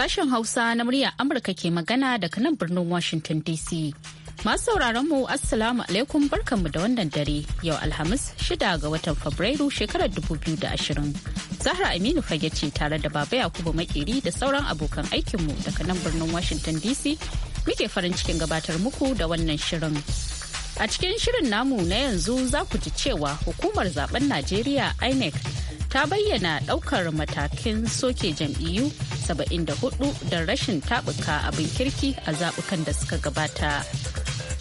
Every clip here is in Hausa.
Sashen Hausa na muryar Amurka ke magana daga nan birnin Washington DC. Masu sauraron mu Assalamu alaikum barkanmu da wannan dare yau Alhamis shida ga watan Fabrairu shekarar 2020. Zahra Aminu fage ce tare da Baba Yakubu Makeri da sauran abokan aikinmu daga nan birnin Washington DC muke farin cikin gabatar muku da wannan shirin. A cikin shirin namu na yanzu za ku ji cewa hukumar zaben Najeriya INEC ta bayyana ɗaukar matakin soke jam'iyyu 74 da rashin taɓuka abin kirki a zaɓukan da suka gabata.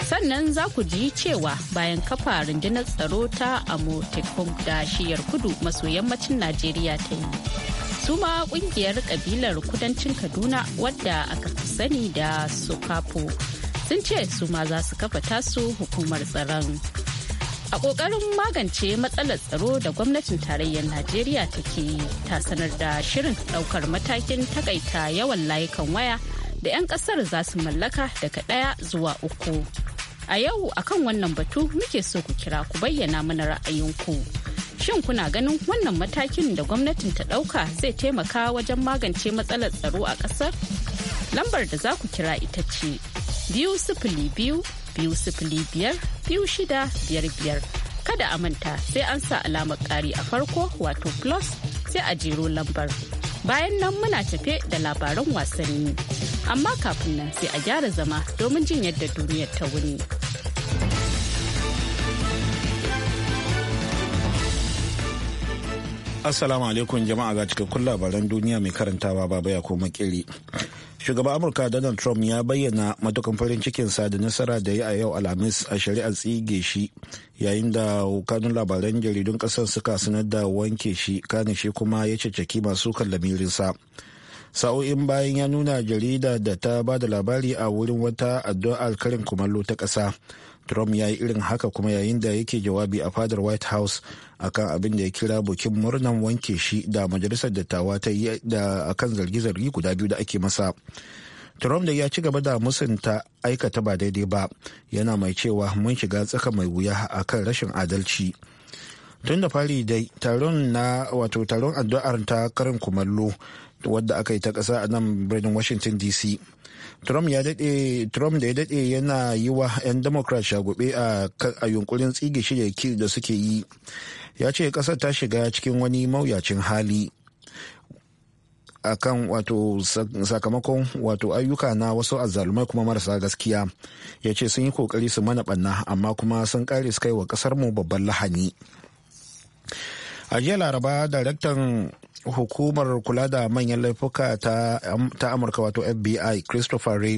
sannan za ku ji cewa bayan kafa rundunar tsaro ta amotekun da shiyar kudu maso yammacin najeriya ta yi su ma kungiyar kabilar kudancin kaduna wadda aka fi sani da sokapo sun ce su ma za su kafa tasu hukumar tsaron a ƙoƙarin magance matsalar tsaro da gwamnatin tarayyar najeriya take ta sanar da shirin ɗaukar matakin takaita yawan layukan waya da 'yan ƙasar za su mallaka daga ɗaya zuwa uku a yau akan wannan batu muke so ku kira ku bayyana mana ra'ayinku shin kuna ganin wannan matakin da gwamnatin ta ɗauka zai taimaka wajen magance matsalar tsaro a ƙasar lambar da za ku kira ita ce biyu sifili biyu biyu sifili biyar biyu shida biyar biyar kada a manta sai an sa alamar ƙari a farko wato plus sai a jero lambar bayan nan muna tafe da labaran wasanni amma kafin nan sai a gyara zama domin jin yadda duniyar ta wuni. Assalamu alaikum jama'a ga cikakkun labaran duniya mai karantawa baba ya koma shugaban amurka donald trump ya bayyana matukan farin cikinsa da nasara da ya a yau alhamis a shari'ar tsige shi yayin da kanun labaran jaridun kasar suka sanar da wanke shi kane shi kuma ya caccaki masu kallamirinsa sa'o'in bayan ya nuna jarida da ta ba da labari a wurin wata addu'ar karin kumallo ta ƙasa Trump ya yi irin haka kuma yayin da yake jawabi a fadar White House akan abin da ya kira bukin murnan wanke shi da majalisar dattawa ta yi da akan zargi-zargi guda biyu da ake masa. Trump da ya ci gaba da musunta aikata ba daidai ba yana mai cewa mun shiga tsaka mai wuya a kan rashin adalci. Tun da fari dai taron na wato taron addu'ar ta karin kumallo wadda aka yi ta ƙasa a nan birnin Washington DC. Trump ya dade Trump da ya dade yana yi wa 'yan Democrat shagube a a yunkurin tsige shi da suke yi. Ya ce kasar ta shiga cikin wani mawuyacin hali. akan wato sakamakon wato ayyuka na wasu azalumai kuma marasa gaskiya ya ce sun yi kokari su mana banna amma kuma sun kare su kai wa kasar mu babban lahani a jiya laraba daraktan hukumar kula da manyan laifuka ta amurka wato fbi christopher ray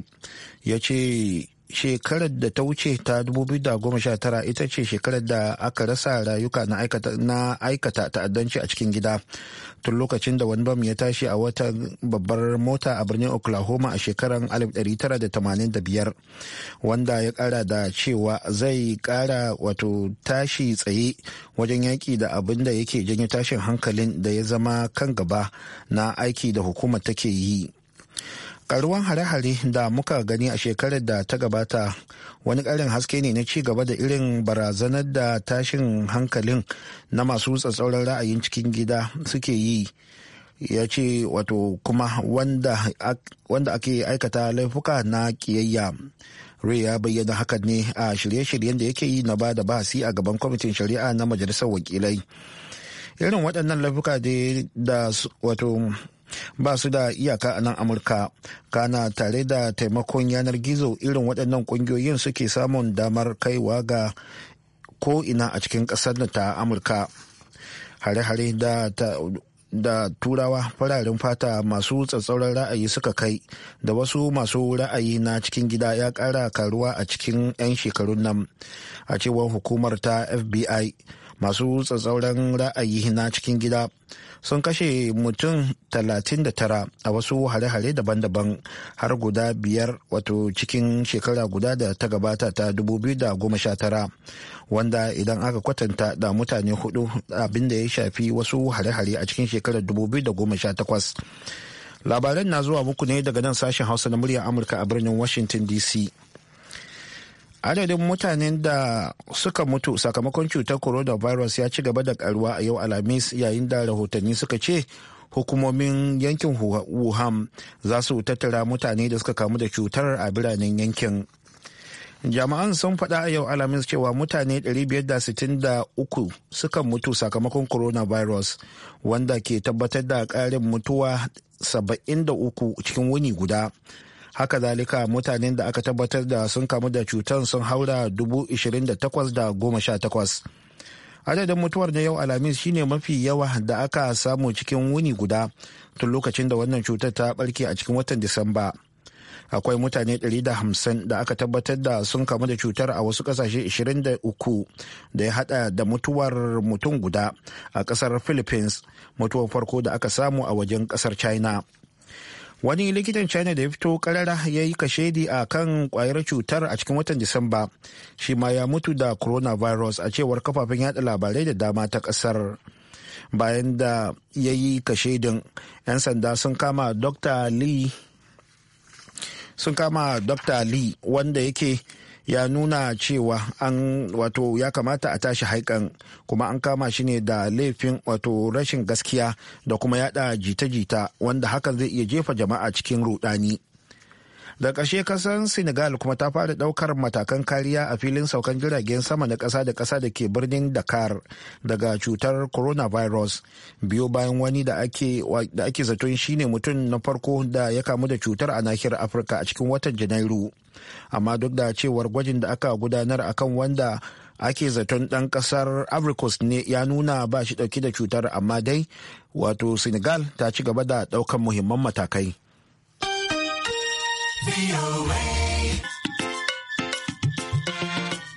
ya ce shekarar da ta wuce ta 2019 ita ce shekarar da aka rasa rayuka na aikata ta'addanci a cikin gida tun lokacin da wani bam ya tashi a wata babbar mota a birnin oklahoma a shekarar 1985 wanda ya kara da cewa zai kara wato tashi tsaye wajen yaki da abin da yake janyo tashin hankalin da ya zama kan gaba na aiki da hukumar take yi karuwan hare-hare da muka gani a shekarar da ta gabata wani karin haske ne na ci gaba da irin barazanar da tashin hankalin na masu tsatsauran ra'ayin cikin gida suke yi ya ce wato kuma wanda ake aikata laifuka na kiyayya ray ya bayyana haka ne a shirye-shiryen da yake yi na ba da bahasi a gaban kwamitin shari'a na majalisar wakilai irin waɗannan laifuka da wato ba su da iyaka a nan amurka kana tare da taimakon yanar gizo irin waɗannan ƙungiyoyin suke samun damar kaiwa ga ko'ina a cikin ƙasar ta amurka hare-hare da da turawa fararen fata masu tsatsauran ra'ayi suka kai da wasu masu ra'ayi na cikin gida ya kara karuwa a cikin 'yan shekarun nan a cewar hukumar ta fbi masu tsatsauran ra'ayi na cikin gida sun kashe mutum 39 a wasu hare-hare daban-daban har guda biyar wato cikin shekara guda da ta gabata ta 2019 wanda idan aka kwatanta da mutane hudu abin da ya shafi wasu hare-hare a cikin shekarar 2018 labaran na zuwa muku ne daga nan sashen hausa na muryar amurka a birnin washington dc adadin mutanen da suka mutu sakamakon cutar coronavirus ya ci gaba da karuwa a yau alhamis yayin da rahotanni suka ce hukumomin yankin wuhan za su tattara mutane da suka kamu da cutar a biranen yankin jama'an sun faɗa a yau alhamis cewa mutane 563 suka mutu sakamakon coronavirus wanda ke tabbatar da ƙarin mutuwa 73 cikin wuni guda haka zalika mutanen da aka tabbatar da sun kamu da cutar sun haura 28,018 adadin mutuwar na yau alhamis shine mafi yawa da aka samu cikin wuni guda tun lokacin da wannan cutar ta barke a cikin watan disamba akwai mutane 150 da aka tabbatar da sun kamu da cutar a wasu kasashe 23 da ya hada da mutuwar mutum guda a kasar philippines mutuwar farko da aka samu a wajen kasar china wani likitan china da ya fito karara ya yi kashedi a kan kwayar cutar a cikin watan disamba shi ma ya mutu da coronavirus a cewar kafafen yada labarai da dama ta kasar bayan da ya yi kashedin 'yan sanda sun kama dr lee sun kama dr lee wanda yake ya nuna cewa an wato ya kamata a tashi haikan kuma an kama shi ne da laifin wato rashin gaskiya da kuma yada jita-jita wanda hakan zai iya jefa jama'a cikin rudani. da kashe kasan senegal kuma ta fara ɗaukar matakan kariya a filin saukan jiragen sama na ƙasa da ƙasa da ke birnin dakar daga cutar coronavirus biyo bayan wani da ake zaton shine mutum na farko da ya kamu da cutar a nahiyar afirka a cikin watan janairu amma duk da cewar gwajin da aka gudanar akan wanda ake zaton ɗan ƙasar Coast ne ya nuna ba shi ɗauki da cutar amma dai wato senegal ta ci gaba da ɗaukan muhimman matakai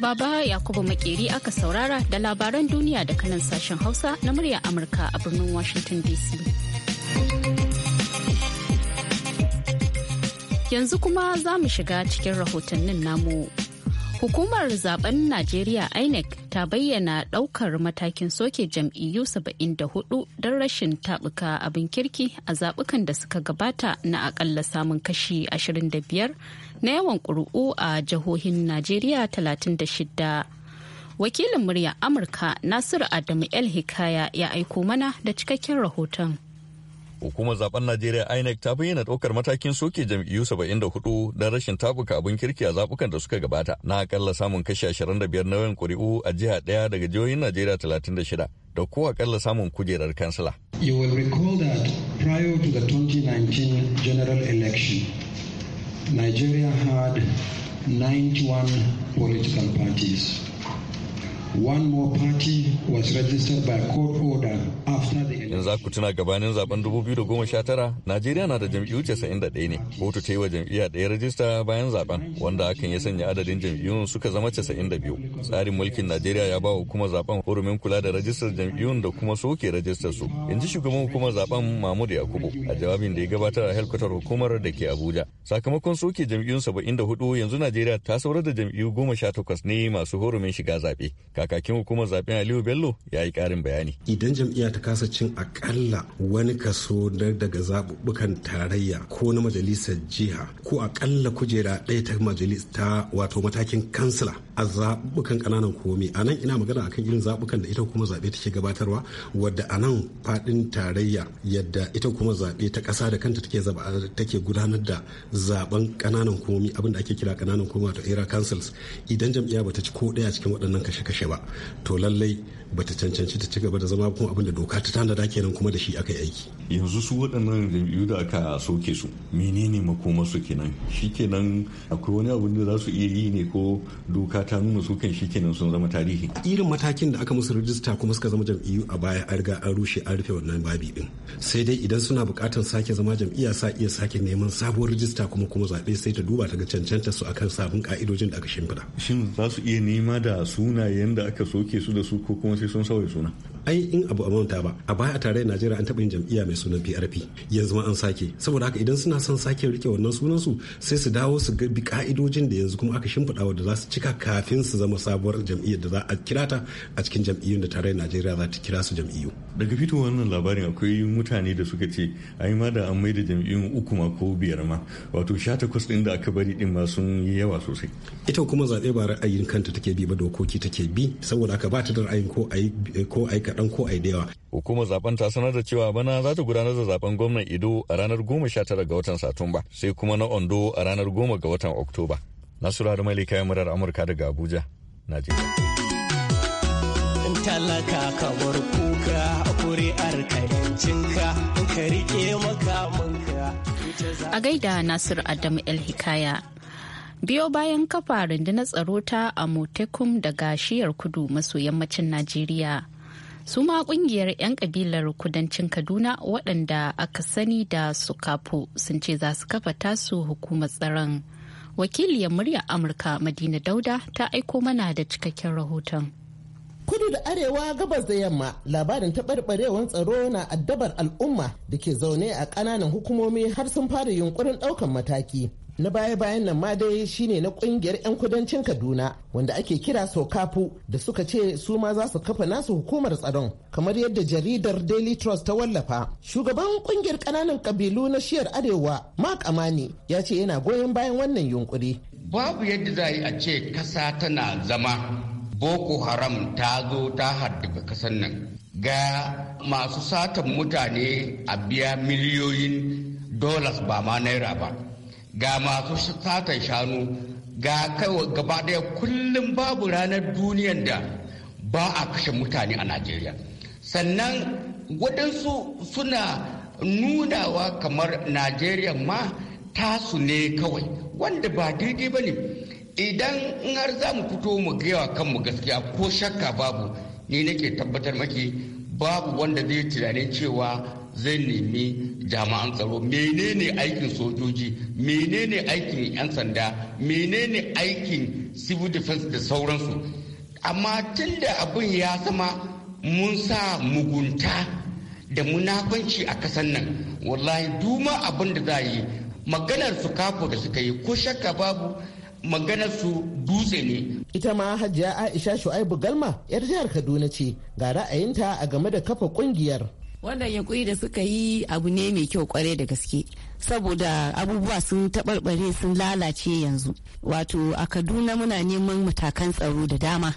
Baba Yakubu Makeri aka saurara da labaran duniya da kanan sashen Hausa na murya Amurka a birnin Washington DC. Yanzu kuma za mu shiga cikin rahotannin namu. Hukumar zaben Najeriya INEC ta bayyana ɗaukar matakin soke jam'iyyu 74 don rashin taɓuka abin kirki a zabukan da suka gabata na akalla samun kashi 25 na yawan ƙuri'u a jihohin Najeriya 36. Wakilin murya Amurka Nasiru Adamu El Hikaya ya aiko mana da cikakken rahoton. Hukumar zaben Najeriya INEC ta bayyana ɗaukar matakin soke jam'iyyu 74 don rashin tabuka abin kirki a zabukan da suka gabata na akalla samun kashi 25 yawan ƙuri'u a jiha ɗaya daga jihohin Najeriya 36 da ko akalla samun kujerar kansila. You will recall that prior to the 2019 general election, Nigeria had 91 political parties. One more party was registered by court order after the election. za ku tuna gabanin zaben 2019 Najeriya na da jam'iyyu 91 ne. Kotu ta yi wa jam'iyya ɗaya rajista bayan zaben wanda hakan ya sanya adadin jam'iyyun suka zama 92. Tsarin mulkin Najeriya ya ba wa kuma zaben hurumin kula da rajistar jam'iyyun da kuma soke rajistar su. In ji shugaban hukumar zaben Mahmud Yakubu a jawabin da ya gabatar a helkwatar hukumar da ke Abuja. Sakamakon soke jam'iyyun 74 yanzu Najeriya ta saurar da jam'iyyu 18 ne masu hurumin shiga zaɓe. kakakin hukumar zaben aliyu bello ya yi karin bayani idan jam'iyya ta kasa cin akalla wani kaso daga zaɓuɓɓukan tarayya ko na majalisar jiha ko akalla kujera ɗaya ta majalis ta wato matakin kansila a zaɓuɓɓukan ƙananan komi a nan ina magana akan irin zaɓukan da ita hukumar zaɓe take gabatarwa wadda a nan faɗin tarayya yadda ita hukumar zaɓe ta ƙasa da kanta take take gudanar da zaɓen ƙananan komi abin da ake kira ƙananan komi wato era councils idan jam'iyya bata ci ko ɗaya cikin waɗannan kashe-kashe ba ba to lallai bata cancanci ta ci gaba da zama kuma abin da doka ta tanada kenan kuma da shi aka yi aiki yanzu su waɗannan jam'iyyu da aka soke su menene makomarsu kenan shi kenan akwai wani abu da za su iya yi ne ko doka ta nuna su kan shi kenan sun zama tarihi irin matakin da aka musu rijista kuma suka zama jam'iyyu a baya an riga an rushe an rufe wannan babi din sai dai idan suna buƙatar sake zama jam'iyya sa iya sake neman sabuwar rajista kuma kuma zaɓe sai ta duba ta ga cancanta su akan sabon ka'idojin da aka shimfiɗa shin za su iya nema da sunayen da aka soke su da su ko kuma sai sun sauya suna ai in abu a manta ba a baya a tarayyar najeriya an taɓa yin jam'iyya mai sunan prp yanzu ma an sake saboda haka idan suna son sake rike wannan sunan su sai su dawo su bi ka'idojin da yanzu kuma aka shimfiɗa wa da za su cika kafin su zama sabuwar jam'iyyar da za a kira ta a cikin jam'iyyun da tarayyar najeriya za ta kira su jam'iyyu daga fito wannan labarin akwai mutane da suka ce ai ma da an maida jam'iyyun uku ma ko biyar ma wato sha takwas ɗin da aka bari ɗin ma sun yi yawa sosai ita kuma zaɓe ba ra'ayin kanta take bi ba dokoki take bi saboda haka ba ta da ra'ayin ko ai ko ai kaɗan ko ai da yawa. Hukumar zaben ta sanar da cewa bana za ta gudanar da zaben gwamnan Ido a ranar goma ga watan Satumba sai kuma na Ondo a ranar goma ga watan Oktoba. da mai kayan murar Amurka daga Abuja, Najeriya. talaka ka a kuri'ar gaida Nasiru Adamu El Hikaya biyo bayan kafa rundunar tsaro ta amotekum daga shiyar kudu maso yammacin najeriya su ma kungiyar 'yan kabilar kudancin kaduna waɗanda aka sani da su kafu sun ce za su kafa tasu hukumar tsaron wakiliyar murya amurka madina dauda ta aiko mana da cikakken rahoton kudu da arewa gabas da yamma labarin taɓarɓarewar tsaro na addabar al'umma da ke zaune a ƙananan hukumomi har sun fara yunkurin ɗaukan mataki na baya-bayan nan ma dai shine na kungiyar 'yan kudancin kaduna wanda ake kira sokafu da suka ce su ma za su kafa nasu hukumar tsaron kamar yadda jaridar daily trust ta wallafa shugaban kungiyar kananan kabilu na shiyar arewa mark amani ya ce yana goyon bayan wannan yunkuri babu yadda za a ce kasa tana zama boko haram ta zo ta haddaba kasan nan ga masu satan mutane a biya miliyoyin dollars ba ma naira ba ga masu satan shanu ga gaba daya kullum babu ranar duniyan da ba a kashe mutane a najeriya sannan waɗansu suna nunawa kamar najeriya ma tasu ne kawai wanda ba daidai ba ne idan har za mu fito mu gaiwa kanmu gaskiya ko shakka babu ni nake tabbatar maki babu wanda zai tunanin cewa zai nemi jami'an tsaro menene aikin sojoji menene aikin 'yan sanda menene aikin civil defense da sauransu amma tun da abin ya zama mun sa mugunta da munafanci a kasan nan wallahi duma abin da za yi maganar su kafo da suka yi ko shakka babu maganar su dutse ne. Ita ma Hajiya Aisha Shu'aibu Galma 'yar jihar Kaduna ce ga ra'ayinta a game da kafa kungiyar. wannan yunkuri da suka yi abu ne mai kyau kwarai da gaske saboda abubuwa sun taɓarɓare sun lalace yanzu wato a kaduna muna neman matakan tsaro da dama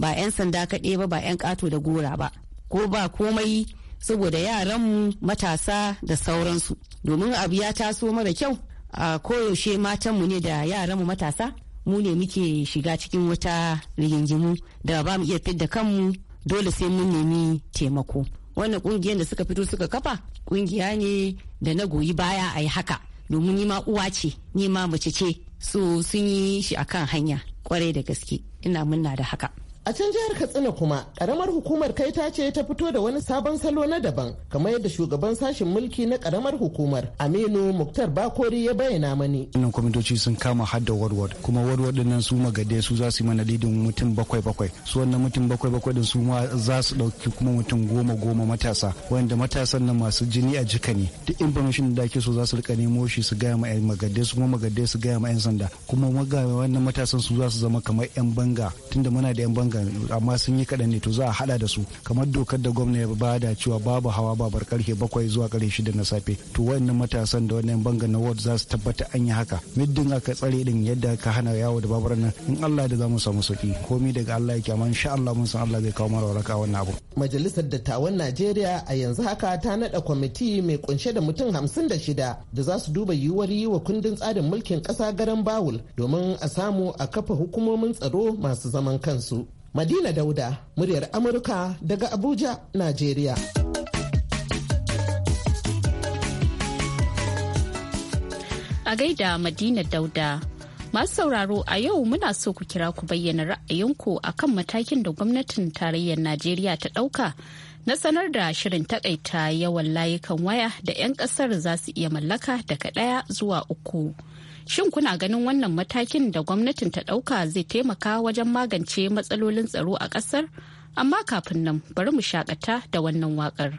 ba 'yan sanda kaɗai ba ba 'yan ƙato da gora ba ko ba komai saboda yaranmu matasa da sauransu domin abu ya taso mara kyau a koyaushe matanmu ne da yaranmu matasa mu ne muke shiga cikin wata rigingimu da ba mu iya fidda kanmu dole sai mun nemi taimako wannan kungiyar da suka fito suka kafa kungiya ne da na goyi baya a yi haka domin nima uwa ce nima mace ce so sun yi shi akan hanya kwarai da gaske ina munna da haka A can jihar Katsina kuma karamar hukumar kai ta ce ta fito da wani sabon salo na daban kamar yadda shugaban sashen mulki na karamar hukumar Aminu Muktar Bakori ya bayyana mani. Wannan kwamitoci sun kama hadda warwar kuma warwar din nan su magade su za su yi mana lidin mutum bakwai bakwai su wannan mutum bakwai bakwai din su ma za su dauki kuma mutum goma goma matasa wanda matasan nan masu jini a jika ne duk information da ake so za su rika nemo shi su gaya ma yan magade su kuma magade su gaya ma yan sanda kuma wannan matasan su za su zama kamar yan banga tunda muna da yan banga zanga amma sun yi kaɗan ne to za a haɗa da su kamar dokar da gwamna ya bada cewa babu hawa babar karfe bakwai zuwa karfe shida na safe to wannan matasan da wannan banga na ward za su tabbata an yi haka middin aka tsare din yadda ka hana yawo da babar nan in Allah da za mu samu sauki komai daga Allah yake amma insha Allah mun san Allah zai kawo mana waraka wannan abu majalisar dattawan Najeriya a yanzu haka ta naɗa kwamiti mai kunshe da mutum hamsin da shida da za su duba yiwuwar yi wa kundin tsarin mulkin ƙasa garan bawul domin a samu a kafa hukumomin tsaro masu zaman kansu Madina Dauda, muryar Amurka daga Abuja, Najeriya. A gaida Madina Dauda. Masu sauraro a yau muna so ku kira ku bayyana ra'ayinku a kan matakin da gwamnatin tarayyar Najeriya ta ɗauka na sanar da shirin takaita yawan layukan waya da 'yan ƙasar za su iya mallaka daga ɗaya zuwa uku. Shin kuna ganin wannan matakin da gwamnatin ta ɗauka zai taimaka wajen magance matsalolin tsaro a ƙasar? Amma kafin nan bari mu shakata da wannan waƙar.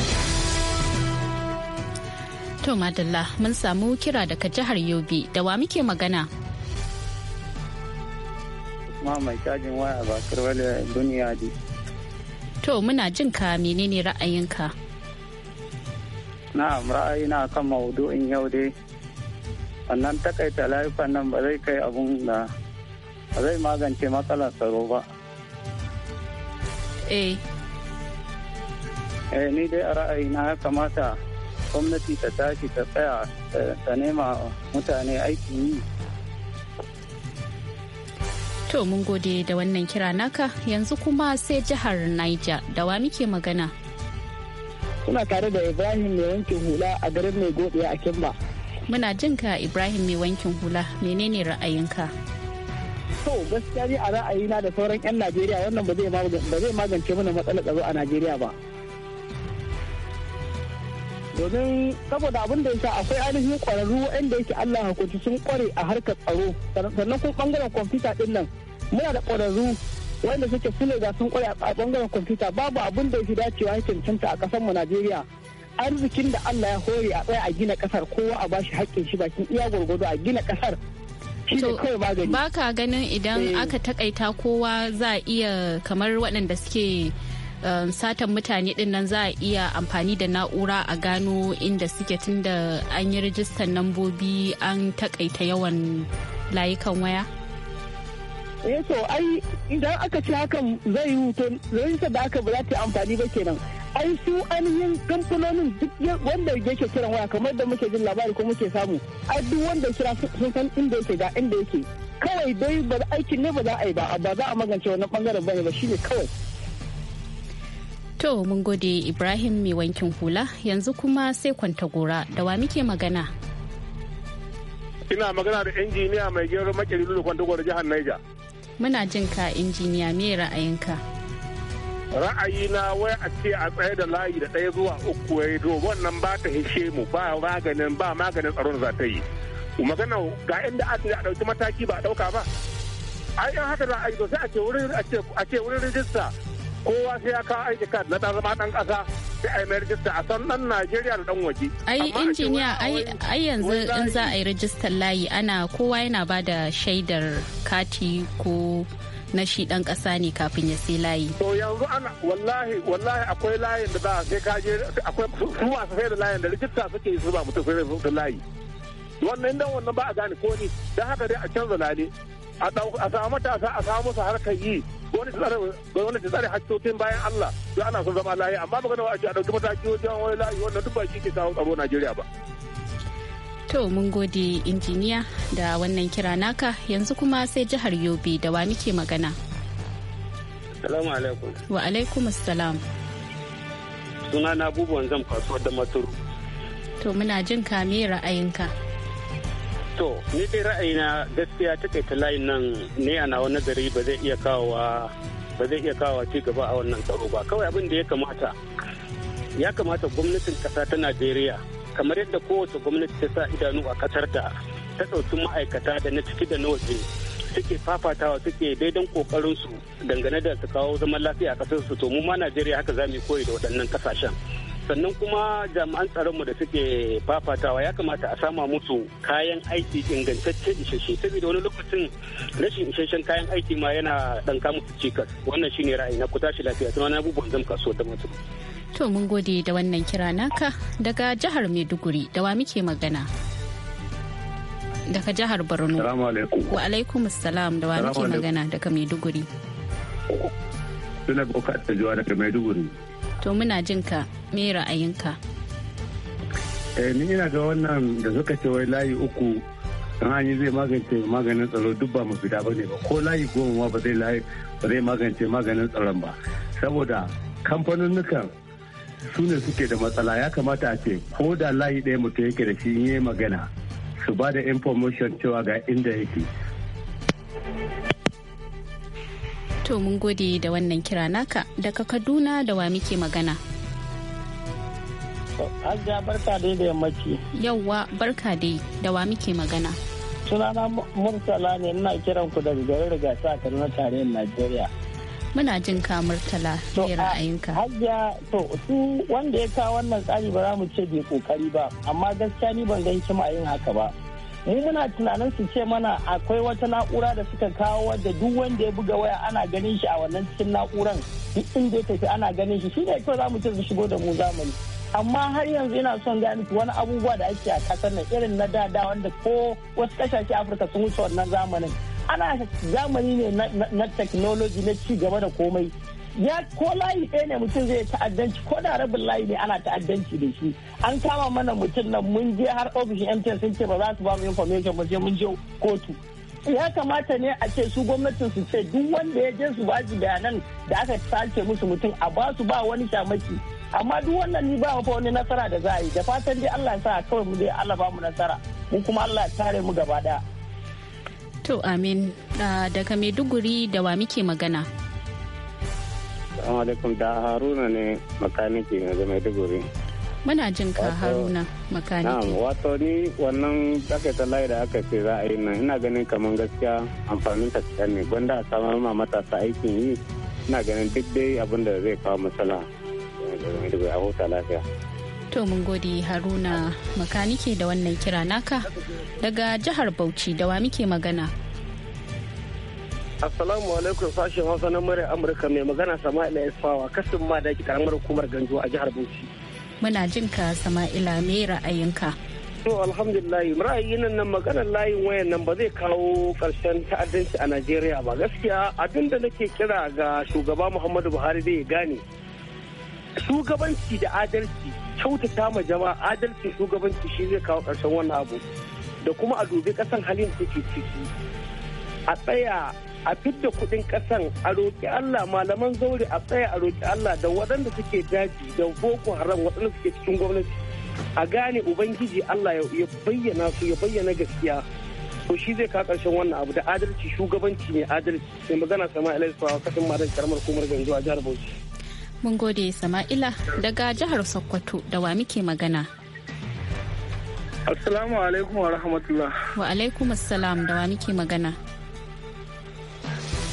To Madalla mun samu kira daga jihar Yobe da wa muke magana. Ma mai cajin waya ba karwale duniya di. To muna jin ka menene ra'ayinka? Na'am ra'ayina kan maudu'in yau dai. Wannan takaita laifin nan ba zai kai abun da ba zai magance matsalar tsaro ba. Eh. Eh ni dai a ra'ayina ya kamata gwamnati ta tashi ta tsaya eh, ta nema mutane aiki yi to mun gode da wannan kira naka yanzu kuma sai jihar niger da wa muke magana kuna tare da ibrahim mai wankin hula a garin mai godiya a kimba muna jin ka ibrahim mai wankin hula menene ra'ayinka to gaskiya ne a ra'ayina da sauran 'yan najeriya wannan ba zai magance mana matsalar tsaro a najeriya ba domin saboda abin da yake akwai ainihin kwararru inda yake Allah hukunci sun kware a harkar tsaro sannan kuma bangaren kwamfuta din nan muna da kwararru wanda suke sune ga sun kware a bangaren kwamfuta babu abin da yake dacewa ya cancanta a kasar mu Najeriya arzikin da Allah ya hore a tsaya a gina kasar kowa a bashi haƙƙin shi bakin iya gwargwado a gina kasar so baka ganin idan eh. aka takaita kowa za a iya kamar waɗanda suke Um, satan mutane din nan za a iya amfani da na'ura a gano inda suke tunda an yi rajistan nambobi an takaita yawan layukan waya? eh to ai idan aka ci hakan zai yi wuto rajista da aka ba za ta amfani ba kenan ai su ainihin kamfanonin duk wanda yake kiran waya kamar da muke jin labari ko muke samu ai duk wanda kira sun san inda yake da inda yake kawai dai ba aikin ne ba za a yi ba ba za a magance wannan bangaren bane ba shine kawai To mun gode Ibrahim mai wankin hula yanzu kuma sai kwanta gora da wa muke magana. Ina magana da injiniya mai gero makeri lulu kwanta gora jihar Niger. Muna jin ka injiniya me ra'ayinka? na wai a ce a tsaye da layi da ɗaya zuwa uku ya do wannan ba ta hishe mu ba maganin ba maganin tsaron za ta yi. Magana ga inda a ɗauki mataki ba a ɗauka ba. Ai haka za a yi to sai a ce wurin rijista kowa sai ya kawo aiki card na dan zama dan kasa sai ai mai rajista a san dan Najeriya da dan waje ai injiniya ai yanzu in za a yi layi ana kowa yana ba da shaidar kati ko na shi dan kasa ne kafin ya sai layi. To yanzu ana wallahi wallahi akwai layin da za a sai kaje akwai su masu sai da layin da rijista suke yi su ba mutum sai da layi. Wannan dan wannan ba a gane ko ni dan haka dai a canza lale a samu matasa a samu su harkar yi gwamnati tsare hakkokin bayan Allah don ana son zama lahiya amma magana wa a ɗauki mataki wajen wani layi wannan duk ba shi ke kawo tsaro Najeriya ba. To mun gode injiniya da wannan kira naka yanzu kuma sai jihar Yobe da wa muke magana. Salamu alaikum. Wa alaikum salam. Sunana abubuwan zan kasuwar da maturu. To muna jin ka me ra'ayinka. To, ni dai ra'ayina gaskiya takaita layin nan ne a nawa nazari ba zai iya kawowa ba zai iya kawowa ci gaba a wannan tsaro ba. Kawai abin da ya kamata, ya kamata gwamnatin kasa ta Najeriya kamar yadda kowace gwamnati ta sa idanu a kasar ta ta ɗauki ma'aikata da na ciki da na waje suke fafatawa suke daidan kokarin su dangane da su kawo zaman lafiya a kasar su to mu ma Najeriya haka za mu koyi da waɗannan kasashen. sannan kuma jami'an tsaronmu da suke fafatawa ya kamata a sama musu kayan aiki ingantacce isasshe saboda wani lokacin rashin isasshen kayan aiki ma yana ɗanka musu cikas wannan shine ra'ayi na ku tashi lafiya suna na abubuwan zan kaso da mutum. To mun gode da wannan kira naka daga jihar Maiduguri da wa muke magana. Daga jihar Borno. Salamu alaikum. Wa alaikum salam da wa muke magana daga Maiduguri. Suna bukatar juwa daga Maiduguri. to muna jin ka me ra'ayinka eh, ni ina ga wannan da suka ce wai layi uku kan zai magance maganin tsaro duk ba mu fita ba ne ba ko layi goma ma ba zai layi ba zai magance maganin tsaron ba saboda kamfanonukan su ne suke da matsala ya kamata a ce ko da layi ɗaya mutum yake da shi yi magana su ba da information cewa ga inda yake To mun gode da wannan kira naka daga Kaduna da wa muke magana. Hajiya barka dai da yammaci. Yawwa barka dai da wa muke magana. Sunana Murtala ne ina kiran ku daga garin rigasa a Kaduna tarayyar Najeriya. Muna jin ka Murtala ne ra'ayinka. Hajiya to su wanda ya kawo wannan tsari ba za mu ce bai kokari ba amma gaskiya ni ban gan kima yin haka ba. mu muna tunanin su ce mana akwai wata na'ura da suka kawo wadda duk wanda ya buga waya ana ganin shi a wannan cikin na'uran duk inda ya tafi ana ganin shi shi ne kawai za mu ce su shigo da mu zamani amma har yanzu ina son gaya miki wani abubuwa da ake a kasar nan irin na da da wanda ko wasu kasashe afirka sun wuce wannan zamanin ana zamani ne na technology na ci gaba da komai ya ko layi ɗaya ne mutum zai ta'addanci ko da rabin layi ne ana ta'addanci da shi an kama mana mutum nan mun je har ofishin mtn sun ce ba za su ba mu information ba sai mun je kotu ya kamata ne a ce su gwamnatin su ce duk wanda ya je su ba su bayanan da aka sace musu mutum a ba su ba wani shamaki amma duk wannan ni ba fa wani nasara da za a yi da fatan dai Allah ya sa kawai mu dai Allah ba mu nasara mu kuma Allah ya tare mu gaba daya to amin ah, daga maiduguri da wa muke magana Assalamu alaikum da Haruna ne makaniki na zama Maiduguri. Muna jin ka Haruna makaniki. Na'am wato ni wannan takaita layi da aka ce za a yi nan ina ganin kamar gaskiya amfanin ta ne gwanda a samar ma matasa aikin yi ina ganin duk dai abin da zai kawo matsala. a huta lafiya. To mun gode Haruna makaniki da wannan kira naka daga jihar Bauchi da wa muke magana. Assalamu alaikum sashen Hausa na murya Amurka mai magana Sama'ila Isfawa kasin ma da karamar hukumar Ganjo a jihar Bauchi. Muna jin ka Sama'ila me ra'ayinka? To alhamdulillah ra'ayin nan maganar layin wayan nan ba zai kawo karshen ta'addanci a Najeriya ba gaskiya abin da nake kira ga shugaba Muhammadu Buhari zai gane. Shugabanci da adalci kyautata ma jama'a adalci shugabanci shi zai kawo karshen wannan abu da kuma a dubi kasan halin take ciki a tsaya a fidda kuɗin ƙasan a roƙi Allah malaman zaure a tsaya a roƙi Allah da waɗanda suke daji da boko haram waɗanda suke cikin gwamnati a gane ubangiji Allah ya bayyana su ya bayyana gaskiya to shi zai kawo ƙarshen wannan abu da adalci shugabanci ne adalci sai magana Sama'ila a kasan madan karamar kumar ganjo jihar Bauchi. Mun gode Sama'ila daga jihar Sokoto da wa muke magana. Assalamu alaikum wa rahmatullah. Wa alaikum assalam da wa muke magana.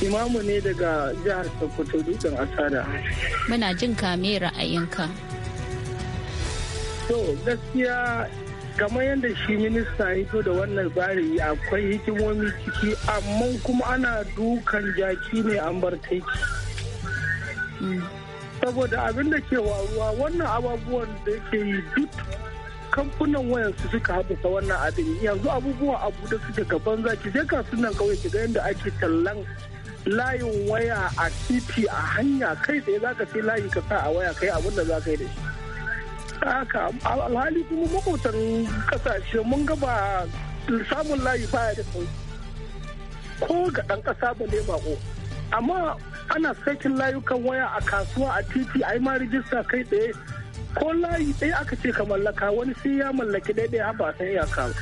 Imamu ne daga jihar Sokoto dutsen Asada. Muna jin kame ra'ayinka. To gaskiya kamar yadda shi minista ya fito da wannan tsari akwai hikimomi ciki amma kuma ana dukan jaki ne an bar taiki. Mm. Saboda abin da ke waruwa wannan ababuwan da ke yi duk kamfunan wayan su suka haɗa wannan abin yanzu abubuwa abu da suke gaban zaki je kasuwan kauye ki ga yadda ake tallan layin waya a titi a hanya kai tsaye za ka sai layin ka sa a waya kai abin da za ka yi da shi haka alhali kuma makotan kasashe mun ga ba samun layi baya da sauki ko ga ɗan ƙasa ba ne bako amma ana sakin layukan waya a kasuwa a titi a yi ma rijista kai tsaye ko layi ɗaya aka ce ka mallaka wani sai ya mallaki daidai har ba ya kawo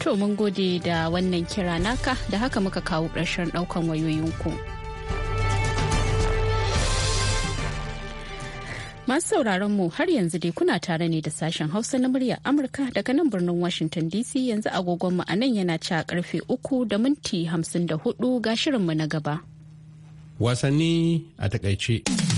To mun gode da wannan kira naka da haka muka kawo ƙarshen ɗaukan wayoyinku. Masu sauraron mu har yanzu dai kuna tare ne da sashen Hausa na murya Amurka daga nan birnin Washington DC yanzu agogonmu a nan yana ci karfe uku da minti hamsin da hudu ga shirinmu na gaba. Wasanni a takaice.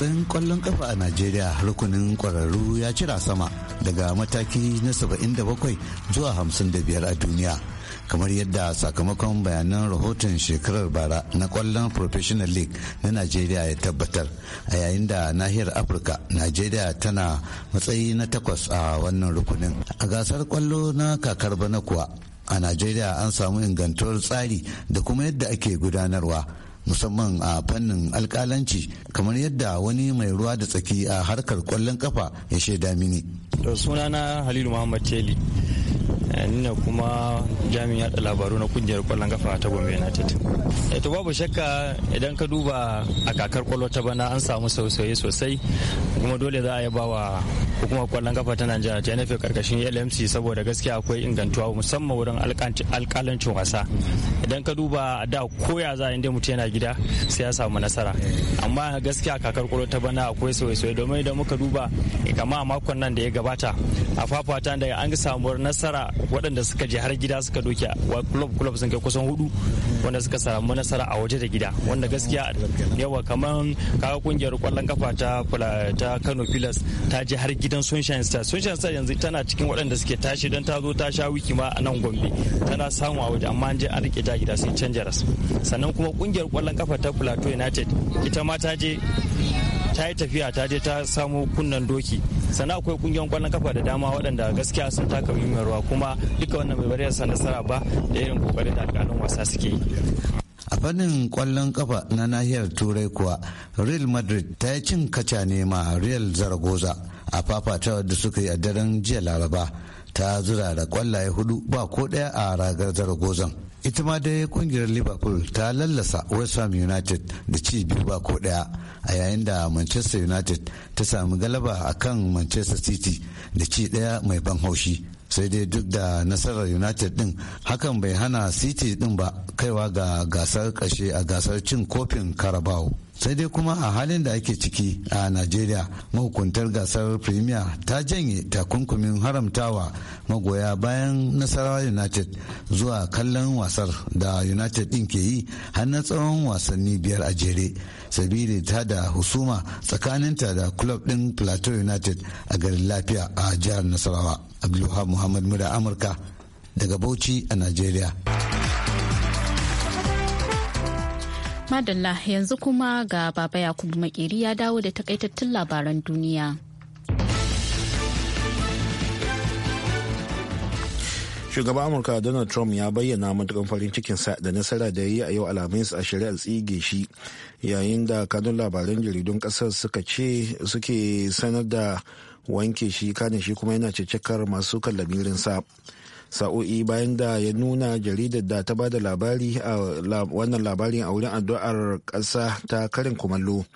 matsayin kwallon kafa a najeriya rukunin kwararru ya cira sama daga mataki na 77 zuwa 55 a duniya kamar yadda sakamakon bayanan rahoton shekarar bara na kwallon professional league na najeriya ya tabbatar a yayin da nahiyar afirka najeriya tana matsayi na takwas a wannan rukunin a gasar kwallo na kakar bana kuwa a najeriya an samu ingantuwar tsari da kuma yadda ake gudanarwa musamman a fannin alkalanci kamar yadda wani mai ruwa da tsaki a harkar kwallon kafa ya shaida mini. To sunana Halilu Muhammad Teli. Eh, nina kuma jami'in yada labaru na kungiyar kwallon kafa ta gombe united eh, to babu shakka idan ka duba a kakar kwallo ta bana an samu sausaye sosai kuma dole za a yaba wa hukumar kwallon kafa ta Najeriya ta nufi karkashin LMC saboda gaskiya akwai ingantuwa musamman wurin alkalancin wasa idan ka duba da koya za inda mutum yana gida sai ya samu nasara amma gaskiya kakar kwallo ta bana akwai sauye-sauye domin idan muka duba kama a makon nan da ya gabata a fafata da an samu nasara waɗanda suka je har gida suka doke wa club club sun kai kusan hudu wanda suka samu nasara a waje da gida wanda gaskiya yawa kamar kaga kungiyar kwallon kafa ta Kano Pilas ta je har gida gidan sunshine star sunshine star yanzu tana cikin waɗanda suke tashi don ta zo ta sha wiki ma a nan gombe tana samu a waje amma an je an rike ta gida sai canja ras sannan kuma kungiyar kwallon kafa ta plateau united ita ma ta je ta yi tafiya ta je ta samu kunnan doki sannan akwai kungiyar kwallon kafa da dama waɗanda gaskiya sun taka muhimmiyar rawa kuma duka wannan bai bari sa nasara ba da irin kokarin da alƙalin wasa suke yi a fannin kwallon kafa na nahiyar turai kuwa real madrid ta yi cin kaca ne ma real zaragoza a fafatawar da suka yi a daren jiya laraba ta zura da kwallaye hudu ba ko daya a ragar zaragozan ita ma dai kungiyar liverpool ta lallasa west ham united da ci biyu ba ko daya a yayin da manchester united ta sami galaba a kan manchester city da ci daya mai ban haushi sai dai duk da nasarar united din hakan bai hana city din ba kaiwa ga gasar kashe a gasar cin kofin carabao sai dai kuma a halin da ake ciki a najeriya mahukuntar gasar premier ta janye takunkumin haramtawa magoya bayan nasarawa united zuwa kallon wasar da united din ke yi har na tsawon wasanni biyar a jere sabili ta da husuma tsakaninta da club din plateau united a garin lafiya a jihar nasarawa abdulwahab muhammad mura amurka daga bauchi a najeriya Madalla yanzu kuma ga Baba Yakubu Makeri ya dawo da takaitattun labaran duniya. Shugaban Amurka Donald Trump ya bayyana matukan farin cikinsa da nasara da ya yi a yau alamis a shari'ar tsige shi yayin da kanun labaran jaridun kasar suka ce suke sanar da wanke shi kanin shi kuma yana cecekar masu kallamirinsa. sa'o'i bayan da ya nuna jaridar da ta bada labari a wannan labarin a wurin addu'ar ƙasa ta karin kumallo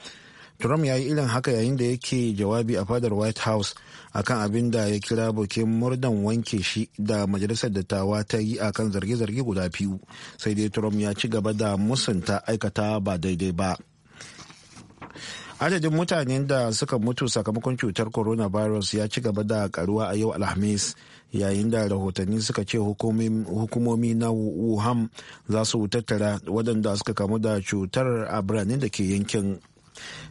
trump ya yi irin haka yayin da yake jawabi a fadar white house akan abin da ya kira bukin murdan wanke shi da majalisar dattawa ta yi a kan zarge-zarge guda biyu sai dai trump ya ci gaba da musunta aikata ba daidai ba. adadin mutanen da suka mutu sakamakon cutar coronavirus ya ci gaba da karuwa a yau alhamis yayin da rahotanni suka ce hukumomi na wuhan za su tattara waɗanda suka kamu da cutar a biranen da ke yankin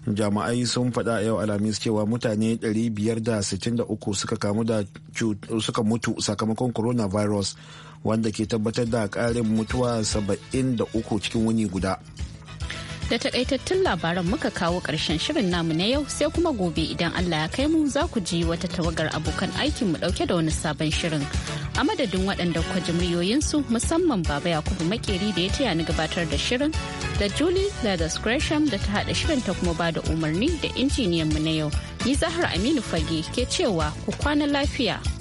jama'ai sun faɗa yau alhamis cewa mutane 563 suka kamu da suka mutu sakamakon coronavirus wanda ke tabbatar da ƙarin mutuwa 73 cikin wuni guda. da takaitattun labaran muka kawo ƙarshen shirin namu na yau sai kuma gobe idan Allah ya kai mu za ku ji wata tawagar abokan aikin mu ɗauke da wani sabon shirin. A madadin waɗanda kwa su musamman Baba Yakubu Makeri da ya taya ni gabatar da shirin da Julie da Gresham da ta haɗa shirin ta kuma ba da umarni da injiniyan mu na yau. Ni Zahra Aminu Fage ke cewa ku kwana lafiya.